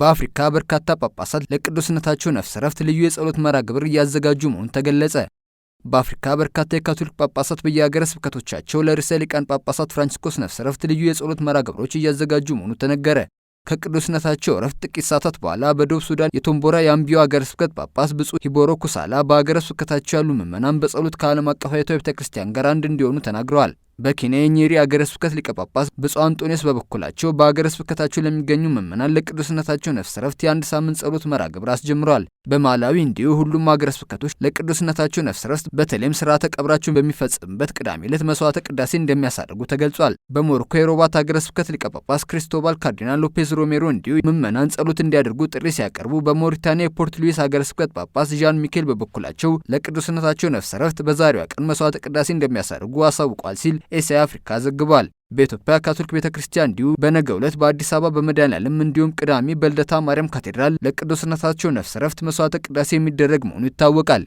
በአፍሪካ በርካታ ጳጳሳት ለቅዱስነታቸው ነፍስ ረፍት ልዩ የጸሎት መርሃ ግብር እያዘጋጁ መሆኑን ተገለጸ። በአፍሪካ በርካታ የካቶሊክ ጳጳሳት በየሀገረ ስብከቶቻቸው ለርዕሰ ሊቃን ጳጳሳት ፍራንቺስኮስ ነፍስ ረፍት ልዩ የጸሎት መርሃ ግብሮች እያዘጋጁ መሆኑ ተነገረ። ከቅዱስነታቸው ረፍት ጥቂት ሰዓታት በኋላ በደቡብ ሱዳን የቶምቦራ የአምቢዮ ሀገረ ስብከት ጳጳስ ብፁዕ ሂቦሮ ኩሳላ በሀገረ ስብከታቸው ያሉ ምዕመናን በጸሎት ከዓለም አቀፋዊቷ ቤተክርስቲያን ጋር አንድ እንዲሆኑ ተናግረዋል። በኬንያ የኒሪ አገረ ስብከት ሊቀ ጳጳስ ብፁዕ አንጦንዮስ በበኩላቸው በአገረ ስብከታቸው ለሚገኙ ምዕመናን ለቅዱስነታቸው ነፍስ ረፍት የአንድ ሳምንት ጸሎት መርሐ ግብር አስጀምረዋል። በማላዊ እንዲሁ ሁሉም አገረ ስብከቶች ለቅዱስነታቸው ነፍስ ረፍት በተለይም ስርዓተ ቀብራቸውን በሚፈጸምበት ቅዳሜ ዕለት መስዋዕተ ቅዳሴ እንደሚያሳድጉ ተገልጿል። በሞሮኮ የሮባት አገረ ስብከት ሊቀ ጳጳስ ክሪስቶባል ካርዲናል ሎፔዝ ሮሜሮ እንዲሁ ምዕመናን ጸሎት እንዲያደርጉ ጥሪ ሲያቀርቡ፣ በሞሪታኒያ የፖርት ሉዊስ አገረ ስብከት ጳጳስ ዣን ሚካኤል በበኩላቸው ለቅዱስነታቸው ነፍስ ረፍት በዛሬዋ ቀን መስዋዕተ ቅዳሴ እንደሚያሳርጉ አሳውቋል ሲል ኤስአይ አፍሪካ ዘግቧል። በኢትዮጵያ ካቶሊክ ቤተ ክርስቲያን እንዲሁ በነገው ዕለት በአዲስ አበባ በመድኃኔዓለም እንዲሁም ቅዳሜ በልደታ ማርያም ካቴድራል ለቅዱስነታቸው ነፍስ ረፍት መስዋዕተ ቅዳሴ የሚደረግ መሆኑ ይታወቃል።